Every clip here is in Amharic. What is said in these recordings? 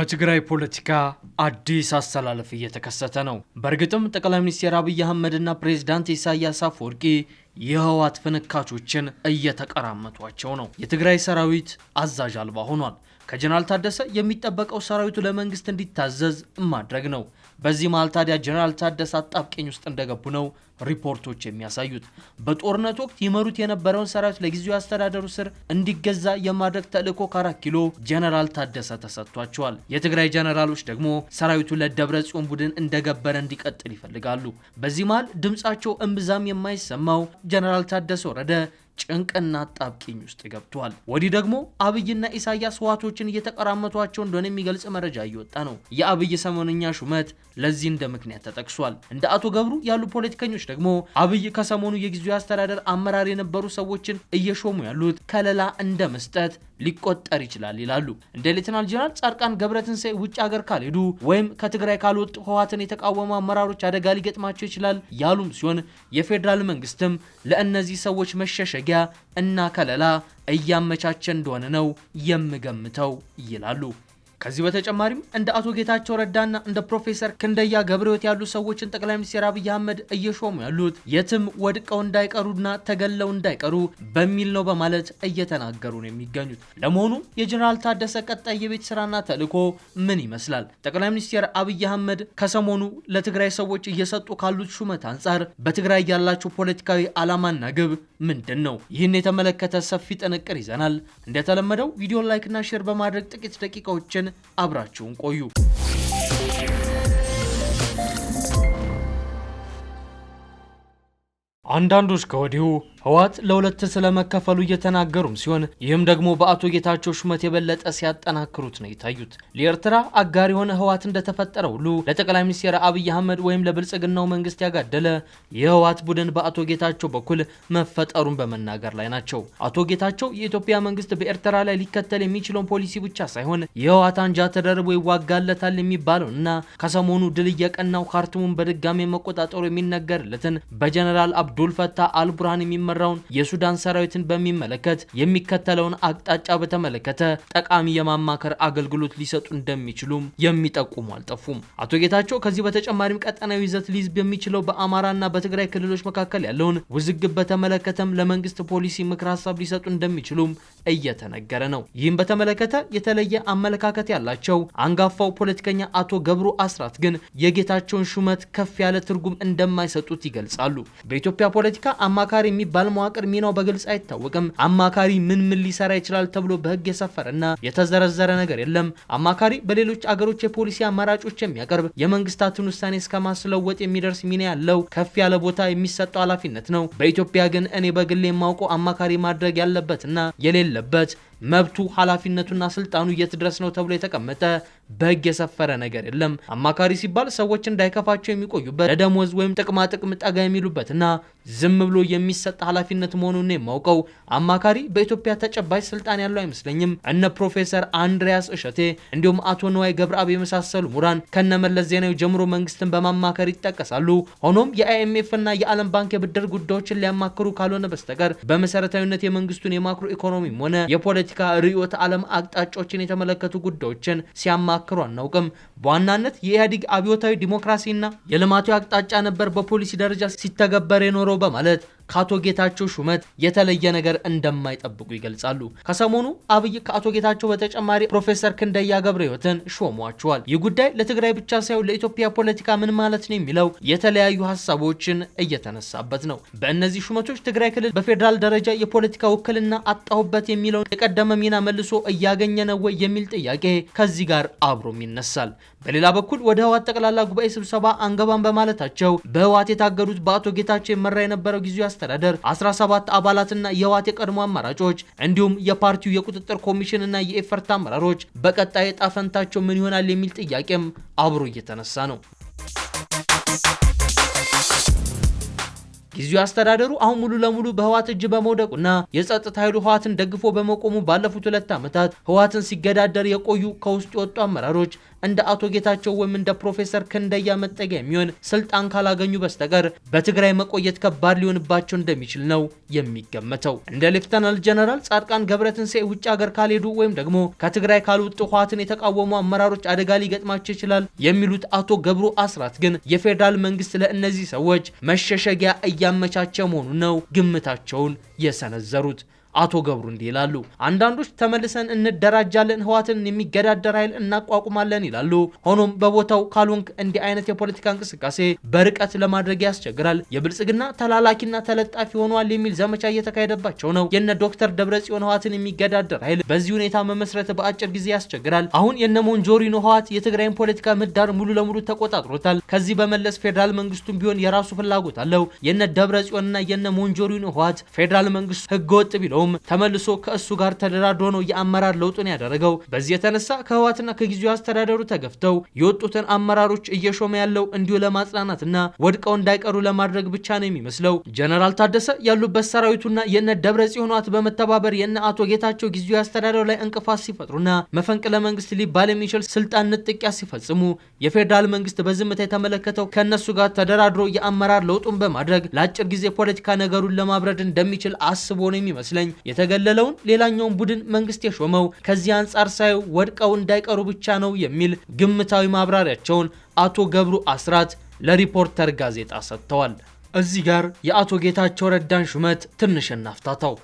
በትግራይ ፖለቲካ አዲስ አሰላለፍ እየተከሰተ ነው። በእርግጥም ጠቅላይ ሚኒስትር አብይ አህመድና ፕሬዚዳንት ኢሳያስ አፈወርቂ የህወሓት ፍንካቾችን እየተቀራመቷቸው ነው። የትግራይ ሰራዊት አዛዥ አልባ ሆኗል። ከጀነራል ታደሰ የሚጠበቀው ሰራዊቱ ለመንግስት እንዲታዘዝ ማድረግ ነው። በዚህ መሃል ታዲያ ጀነራል ታደሰ አጣብቂኝ ውስጥ እንደገቡ ነው ሪፖርቶች የሚያሳዩት። በጦርነት ወቅት ይመሩት የነበረውን ሰራዊት ለጊዜው አስተዳደሩ ስር እንዲገዛ የማድረግ ተልዕኮ ከአራት ኪሎ ጀነራል ታደሰ ተሰጥቷቸዋል። የትግራይ ጀነራሎች ደግሞ ሰራዊቱ ለደብረ ጽዮን ቡድን እንደገበረ እንዲቀጥል ይፈልጋሉ። በዚህ መሃል ድምጻቸው እምብዛም የማይሰማው ጀነራል ታደሰ ወረደ ጭንቅና ጣብቂኝ ውስጥ ገብቷል። ወዲህ ደግሞ አብይና ኢሳያስ ህወሓቶችን እየተቀራመቷቸው እንደሆነ የሚገልጽ መረጃ እየወጣ ነው። የአብይ ሰሞንኛ ሹመት ለዚህ እንደ ምክንያት ተጠቅሷል። እንደ አቶ ገብሩ ያሉ ፖለቲከኞች ደግሞ አብይ ከሰሞኑ የጊዜያዊ አስተዳደር አመራር የነበሩ ሰዎችን እየሾሙ ያሉት ከለላ እንደ መስጠት ሊቆጠር ይችላል ይላሉ። እንደ ሌተናል ጀነራል ጻድቃን ገብረትንሳኤ ውጭ ሀገር ካልሄዱ ወይም ከትግራይ ካልወጡ ህወሓትን የተቃወሙ አመራሮች አደጋ ሊገጥማቸው ይችላል ያሉም ሲሆን የፌዴራል መንግስትም ለእነዚህ ሰዎች መሸሸጊያ እና ከለላ እያመቻቸ እንደሆነ ነው የምገምተው ይላሉ። ከዚህ በተጨማሪም እንደ አቶ ጌታቸው ረዳና እንደ ፕሮፌሰር ክንደያ ገብረሕይወት ያሉ ሰዎችን ጠቅላይ ሚኒስትር አብይ አህመድ እየሾሙ ያሉት የትም ወድቀው እንዳይቀሩና ተገለው እንዳይቀሩ በሚል ነው በማለት እየተናገሩ ነው የሚገኙት። ለመሆኑ የጀኔራል ታደሰ ቀጣይ የቤት ስራና ተልዕኮ ምን ይመስላል? ጠቅላይ ሚኒስትር አብይ አህመድ ከሰሞኑ ለትግራይ ሰዎች እየሰጡ ካሉት ሹመት አንጻር በትግራይ ያላቸው ፖለቲካዊ ዓላማና ግብ ምንድን ነው? ይህን የተመለከተ ሰፊ ጥንቅር ይዘናል። እንደተለመደው ቪዲዮ ላይክና ሼር በማድረግ ጥቂት ደቂቃዎችን እያደረግን አብራችሁን ቆዩ። አንዳንዶች ከወዲሁ ህወሓት ለሁለት ስለመከፈሉ እየተናገሩም ሲሆን ይህም ደግሞ በአቶ ጌታቸው ሹመት የበለጠ ሲያጠናክሩት ነው የታዩት። ለኤርትራ አጋር የሆነ ህወሓት እንደተፈጠረ ሁሉ ለጠቅላይ ሚኒስትር አብይ አህመድ ወይም ለብልጽግናው መንግስት ያጋደለ የህወሓት ቡድን በአቶ ጌታቸው በኩል መፈጠሩን በመናገር ላይ ናቸው። አቶ ጌታቸው የኢትዮጵያ መንግስት በኤርትራ ላይ ሊከተል የሚችለውን ፖሊሲ ብቻ ሳይሆን የህወሓት አንጃ ተደርቦ ይዋጋለታል የሚባለው እና ከሰሞኑ ድል እየቀናው ካርቱምን በድጋሚ መቆጣጠሩ የሚነገርለትን በጀነራል አብዱል ፈታህ አልቡርሃን የሚመራ የተሰራውን የሱዳን ሰራዊትን በሚመለከት የሚከተለውን አቅጣጫ በተመለከተ ጠቃሚ የማማከር አገልግሎት ሊሰጡ እንደሚችሉም የሚጠቁሙ አልጠፉም። አቶ ጌታቸው ከዚህ በተጨማሪም ቀጠናዊ ይዘት ሊይዝ በሚችለው በአማራና በትግራይ ክልሎች መካከል ያለውን ውዝግብ በተመለከተም ለመንግስት ፖሊሲ ምክር ሀሳብ ሊሰጡ እንደሚችሉም እየተነገረ ነው። ይህም በተመለከተ የተለየ አመለካከት ያላቸው አንጋፋው ፖለቲከኛ አቶ ገብሩ አስራት ግን የጌታቸውን ሹመት ከፍ ያለ ትርጉም እንደማይሰጡት ይገልጻሉ። በኢትዮጵያ ፖለቲካ አማካሪ የሚባል መዋቅር ሚናው በግልጽ አይታወቅም። አማካሪ ምን ምን ሊሰራ ይችላል ተብሎ በህግ የሰፈረና የተዘረዘረ ነገር የለም። አማካሪ በሌሎች አገሮች የፖሊሲ አማራጮች የሚያቀርብ የመንግስታትን ውሳኔ እስከ ማስለወጥ የሚደርስ ሚና ያለው ከፍ ያለ ቦታ የሚሰጠው ኃላፊነት ነው። በኢትዮጵያ ግን እኔ በግሌ የማውቀው አማካሪ ማድረግ ያለበትና የሌለ but መብቱ ኃላፊነቱና ስልጣኑ የት ድረስ ነው ተብሎ የተቀመጠ በግ የሰፈረ ነገር የለም። አማካሪ ሲባል ሰዎች እንዳይከፋቸው የሚቆዩበት ለደሞዝ ወይም ጥቅማ ጥቅም ጠጋ የሚሉበትና ዝም ብሎ የሚሰጥ ኃላፊነት መሆኑን የማውቀው አማካሪ በኢትዮጵያ ተጨባጭ ስልጣን ያለው አይመስለኝም። እነ ፕሮፌሰር አንድሪያስ እሸቴ እንዲሁም አቶ ነዋይ ገብረአብ የመሳሰሉ ምሁራን ከነመለስ ዜናዊ ጀምሮ መንግስትን በማማከር ይጠቀሳሉ። ሆኖም የአይኤምኤፍና የዓለም ባንክ የብድር ጉዳዮችን ሊያማክሩ ካልሆነ በስተቀር በመሰረታዊነት የመንግስቱን የማክሮ ኢኮኖሚም ሆነ የፖለቲ የፖለቲካ ርዕዮተ ዓለም አቅጣጫዎችን የተመለከቱ ጉዳዮችን ሲያማክሩ አናውቅም። በዋናነት የኢህአዴግ አብዮታዊ ዲሞክራሲና የልማቱ አቅጣጫ ነበር በፖሊሲ ደረጃ ሲተገበር የኖረው በማለት ከአቶ ጌታቸው ሹመት የተለየ ነገር እንደማይጠብቁ ይገልጻሉ። ከሰሞኑ አብይ ከአቶ ጌታቸው በተጨማሪ ፕሮፌሰር ክንደያ ገብረ ሕይወትን ሾሟቸዋል። ይህ ጉዳይ ለትግራይ ብቻ ሳይሆን ለኢትዮጵያ ፖለቲካ ምን ማለት ነው የሚለው የተለያዩ ሀሳቦችን እየተነሳበት ነው። በእነዚህ ሹመቶች ትግራይ ክልል በፌዴራል ደረጃ የፖለቲካ ውክልና አጣሁበት የሚለውን የቀደመ ሚና መልሶ እያገኘ ነው ወይ የሚል ጥያቄ ከዚህ ጋር አብሮም ይነሳል። በሌላ በኩል ወደ ህወሓት ጠቅላላ ጉባኤ ስብሰባ አንገባን በማለታቸው በህወሓት የታገዱት በአቶ ጌታቸው የመራ የነበረው ጊዜያዊ አስተዳደር 17 አባላትና የህወሓት የቀድሞ አማራጮች እንዲሁም የፓርቲው የቁጥጥር ኮሚሽን እና የኤፈርት አመራሮች በቀጣይ ዕጣ ፈንታቸው ምን ይሆናል የሚል ጥያቄም አብሮ እየተነሳ ነው። ጊዜው አስተዳደሩ አሁን ሙሉ ለሙሉ በህዋት እጅ በመውደቁና የጸጥታ ኃይሉ ህዋትን ደግፎ በመቆሙ ባለፉት ሁለት ዓመታት ህዋትን ሲገዳደር የቆዩ ከውስጥ የወጡ አመራሮች እንደ አቶ ጌታቸው ወይም እንደ ፕሮፌሰር ክንደያ መጠጊያ የሚሆን ስልጣን ካላገኙ በስተቀር በትግራይ መቆየት ከባድ ሊሆንባቸው እንደሚችል ነው የሚገመተው። እንደ ሌፍተናል ጀነራል ጻድቃን ገብረትንሳኤ ውጭ ሀገር ካልሄዱ ወይም ደግሞ ከትግራይ ካልወጡ ህዋትን የተቃወሙ አመራሮች አደጋ ሊገጥማቸው ይችላል የሚሉት አቶ ገብሩ አስራት ግን የፌዴራል መንግስት ለእነዚህ ሰዎች መሸሸጊያ እያ ያመቻቸ መሆኑን ነው ግምታቸውን የሰነዘሩት። አቶ ገብሩ እንዲህ ይላሉ። አንዳንዶች ተመልሰን እንደራጃለን፣ ህዋትን የሚገዳደር ኃይል እናቋቁማለን ይላሉ። ሆኖም በቦታው ካልሆንክ እንዲህ አይነት የፖለቲካ እንቅስቃሴ በርቀት ለማድረግ ያስቸግራል። የብልጽግና ተላላኪና ተለጣፊ ሆኗል የሚል ዘመቻ እየተካሄደባቸው ነው። የነ ዶክተር ደብረጽዮን ህዋትን የሚገዳደር ኃይል በዚህ ሁኔታ መመስረት በአጭር ጊዜ ያስቸግራል። አሁን የነ ሞንጆሪኖ ህዋት የትግራይን ፖለቲካ ምህዳር ሙሉ ለሙሉ ተቆጣጥሮታል። ከዚህ በመለስ ፌዴራል መንግስቱም ቢሆን የራሱ ፍላጎት አለው። የነ ደብረጽዮንና የነ ሞንጆሪኖ ህዋት ፌዴራል መንግስቱ ህገወጥ ቢለውም ሆኖም ተመልሶ ከእሱ ጋር ተደራድሮ ነው የአመራር ለውጡን ያደረገው። በዚህ የተነሳ ከህወሓትና ከጊዜው አስተዳደሩ ተገፍተው የወጡትን አመራሮች እየሾመ ያለው እንዲሁ ለማጽናናትና ወድቀው እንዳይቀሩ ለማድረግ ብቻ ነው የሚመስለው። ጀነራል ታደሰ ያሉበት ሰራዊቱና የነ ደብረ ጽዮን በመተባበር የነ አቶ ጌታቸው ጊዜው አስተዳደሩ ላይ እንቅፋት ሲፈጥሩና መፈንቅለ መንግስት ሊባል የሚችል ስልጣን ንጥቂያ ሲፈጽሙ የፌዴራል መንግስት በዝምታ የተመለከተው ከእነሱ ጋር ተደራድሮ የአመራር ለውጡን በማድረግ ለአጭር ጊዜ ፖለቲካ ነገሩን ለማብረድ እንደሚችል አስቦ ነው የሚመስለኝ። የተገለለውን ሌላኛውን ቡድን መንግስት የሾመው ከዚህ አንጻር ሳይው ወድቀው እንዳይቀሩ ብቻ ነው የሚል ግምታዊ ማብራሪያቸውን አቶ ገብሩ አስራት ለሪፖርተር ጋዜጣ ሰጥተዋል። እዚህ ጋር የአቶ ጌታቸው ረዳን ሹመት ትንሽ እናፍታታው።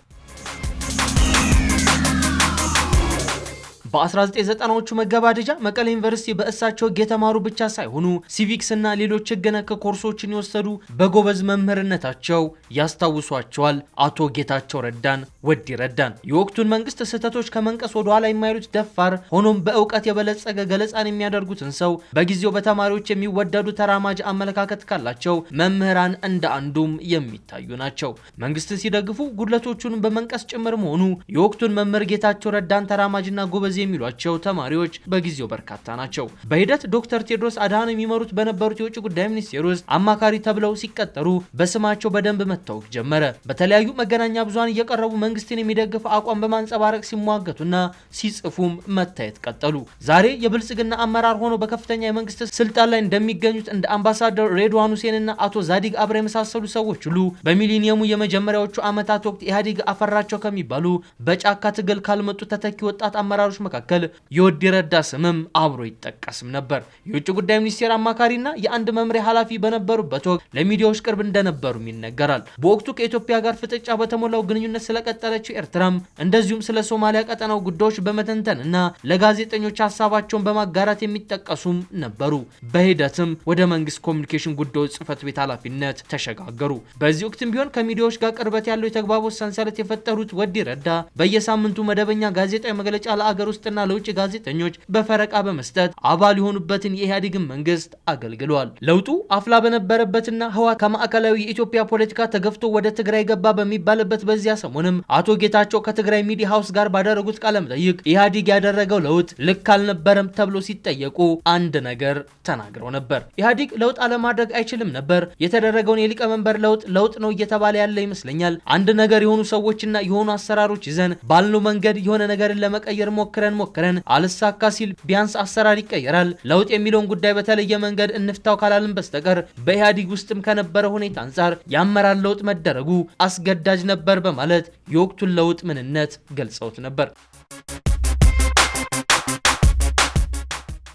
በ1990ዎቹ መገባደጃ መቀሌ ዩኒቨርሲቲ በእሳቸው ሕግ የተማሩ ብቻ ሳይሆኑ ሲቪክስ እና ሌሎች ሕግ ነክ ኮርሶችን የወሰዱ በጎበዝ መምህርነታቸው ያስታውሷቸዋል። አቶ ጌታቸው ረዳን ወድ ይረዳን። የወቅቱን መንግስት ስህተቶች ከመንቀስ ወደ ኋላ የማይሉት ደፋር፣ ሆኖም በእውቀት የበለጸገ ገለጻን የሚያደርጉትን ሰው በጊዜው በተማሪዎች የሚወደዱ ተራማጅ አመለካከት ካላቸው መምህራን እንደ አንዱም የሚታዩ ናቸው። መንግስትን ሲደግፉ ጉድለቶቹን በመንቀስ ጭምር መሆኑ የወቅቱን መምህር ጌታቸው ረዳን ተራማጅና ጎበዝ የሚሏቸው ተማሪዎች በጊዜው በርካታ ናቸው። በሂደት ዶክተር ቴድሮስ አድሃኖም የሚመሩት በነበሩት የውጭ ጉዳይ ሚኒስቴር ውስጥ አማካሪ ተብለው ሲቀጠሩ በስማቸው በደንብ መታወቅ ጀመረ። በተለያዩ መገናኛ ብዙሃን እየቀረቡ መንግስትን የሚደግፍ አቋም በማንጸባረቅ ሲሟገቱና ሲጽፉም መታየት ቀጠሉ። ዛሬ የብልጽግና አመራር ሆኖ በከፍተኛ የመንግስት ስልጣን ላይ እንደሚገኙት እንደ አምባሳደር ሬድዋን ሁሴንና አቶ ዛዲግ አብረ የመሳሰሉ ሰዎች ሁሉ በሚሊኒየሙ የመጀመሪያዎቹ ዓመታት ወቅት ኢህአዴግ አፈራቸው ከሚባሉ በጫካ ትግል ካልመጡ ተተኪ ወጣት አመራሮች መካከል የወዲ ረዳ ስምም አብሮ ይጠቀስም ነበር። የውጭ ጉዳይ ሚኒስቴር አማካሪና የአንድ መምሪያ ኃላፊ በነበሩበት ወቅት ለሚዲያዎች ቅርብ እንደነበሩም ይነገራል። በወቅቱ ከኢትዮጵያ ጋር ፍጥጫ በተሞላው ግንኙነት ስለቀጠ ስለፈጠረችው ኤርትራም እንደዚሁም ስለ ሶማሊያ ቀጠናው ጉዳዮች በመተንተን እና ለጋዜጠኞች ሀሳባቸውን በማጋራት የሚጠቀሱም ነበሩ። በሂደትም ወደ መንግስት ኮሚኒኬሽን ጉዳዮች ጽህፈት ቤት ኃላፊነት ተሸጋገሩ። በዚህ ወቅትም ቢሆን ከሚዲያዎች ጋር ቅርበት ያለው የተግባቦት ሰንሰለት የፈጠሩት ወዲ ረዳ በየሳምንቱ መደበኛ ጋዜጣዊ መግለጫ ለአገር ውስጥና ለውጭ ጋዜጠኞች በፈረቃ በመስጠት አባል የሆኑበትን የኢህአዴግን መንግስት አገልግሏል። ለውጡ አፍላ በነበረበትና ህዋ ከማዕከላዊ የኢትዮጵያ ፖለቲካ ተገፍቶ ወደ ትግራይ ገባ በሚባልበት በዚያ ሰሞንም አቶ ጌታቸው ከትግራይ ሚዲያ ሀውስ ጋር ባደረጉት ቃለ መጠይቅ ኢህአዴግ ያደረገው ለውጥ ልክ አልነበረም ተብሎ ሲጠየቁ አንድ ነገር ተናግረው ነበር። ኢህአዴግ ለውጥ አለማድረግ አይችልም ነበር። የተደረገውን የሊቀመንበር ለውጥ ለውጥ ነው እየተባለ ያለ ይመስለኛል። አንድ ነገር የሆኑ ሰዎችና የሆኑ አሰራሮች ይዘን ባልነው መንገድ የሆነ ነገርን ለመቀየር ሞክረን ሞክረን አልሳካ ሲል ቢያንስ አሰራር ይቀየራል። ለውጥ የሚለውን ጉዳይ በተለየ መንገድ እንፍታው ካላልን በስተቀር በኢህአዴግ ውስጥም ከነበረ ሁኔታ አንጻር የአመራር ለውጥ መደረጉ አስገዳጅ ነበር በማለት የወቅቱን ለውጥ ምንነት ገልጸውት ነበር።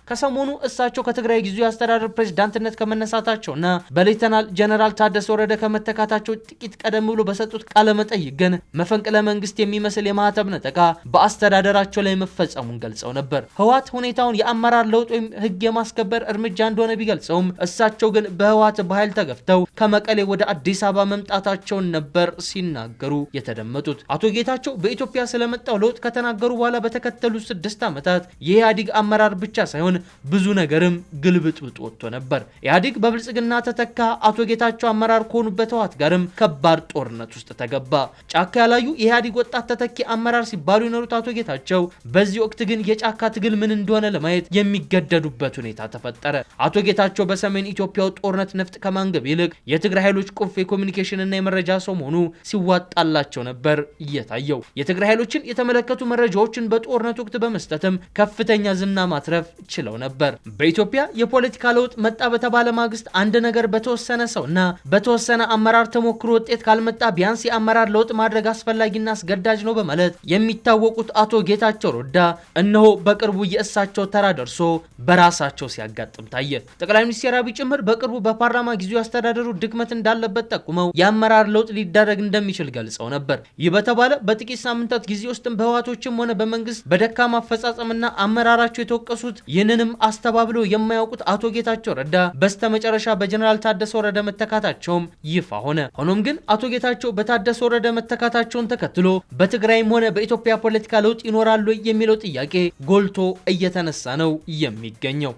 ከሰሞኑ እሳቸው ከትግራይ ጊዜያዊ አስተዳደር ፕሬዝዳንትነት ከመነሳታቸውና በሌተናል ጀነራል ታደሰ ወረደ ከመተካታቸው ጥቂት ቀደም ብሎ በሰጡት ቃለ መጠይቅ ግን መፈንቅለ መንግስት የሚመስል የማህተብ ነጠቃ በአስተዳደራቸው ላይ መፈጸሙን ገልጸው ነበር። ህወሓት ሁኔታውን የአመራር ለውጥ ወይም ህግ የማስከበር እርምጃ እንደሆነ ቢገልጸውም እሳቸው ግን በህወሓት በኃይል ተገፍተው ከመቀሌ ወደ አዲስ አበባ መምጣታቸውን ነበር ሲናገሩ የተደመጡት። አቶ ጌታቸው በኢትዮጵያ ስለመጣው ለውጥ ከተናገሩ በኋላ በተከተሉት ስድስት ዓመታት የኢህአዲግ አመራር ብቻ ሳይሆን ብዙ ነገርም ግልብጥብጥ ወጥቶ ነበር። ኢህአዴግ በብልጽግና ተተካ። አቶ ጌታቸው አመራር ከሆኑበት ህወሓት ጋርም ከባድ ጦርነት ውስጥ ተገባ። ጫካ ያላዩ የኢህአዴግ ወጣት ተተኪ አመራር ሲባሉ የኖሩት አቶ ጌታቸው በዚህ ወቅት ግን የጫካ ትግል ምን እንደሆነ ለማየት የሚገደዱበት ሁኔታ ተፈጠረ። አቶ ጌታቸው በሰሜን ኢትዮጵያው ጦርነት ነፍጥ ከማንገብ ይልቅ የትግራይ ኃይሎች ቁልፍ የኮሚኒኬሽን እና የመረጃ ሰው መሆኑ ሲዋጣላቸው ነበር እየታየው። የትግራይ ኃይሎችን የተመለከቱ መረጃዎችን በጦርነት ወቅት በመስጠትም ከፍተኛ ዝና ማትረፍ ችለዋል። ብለው ነበር። በኢትዮጵያ የፖለቲካ ለውጥ መጣ በተባለ ማግስት አንድ ነገር በተወሰነ ሰውና በተወሰነ አመራር ተሞክሮ ውጤት ካልመጣ ቢያንስ የአመራር ለውጥ ማድረግ አስፈላጊና አስገዳጅ ነው በማለት የሚታወቁት አቶ ጌታቸው ረዳ እነሆ በቅርቡ የእሳቸው ተራ ደርሶ በራሳቸው ሲያጋጥም ታየ። ጠቅላይ ሚኒስትር አብይ ጭምር በቅርቡ በፓርላማ ጊዜው አስተዳደሩ ድክመት እንዳለበት ጠቁመው የአመራር ለውጥ ሊደረግ እንደሚችል ገልጸው ነበር። ይህ በተባለ በጥቂት ሳምንታት ጊዜ ውስጥም በህዋቶችም ሆነ በመንግስት በደካማ አፈጻጸምና አመራራቸው የተወቀሱት ይህንን ምንም አስተባብሎ የማያውቁት አቶ ጌታቸው ረዳ በስተመጨረሻ በጀነራል ታደሰ ወረደ መተካታቸውም ይፋ ሆነ። ሆኖም ግን አቶ ጌታቸው በታደሰ ወረደ መተካታቸውን ተከትሎ በትግራይም ሆነ በኢትዮጵያ ፖለቲካ ለውጥ ይኖራሉ የሚለው ጥያቄ ጎልቶ እየተነሳ ነው የሚገኘው።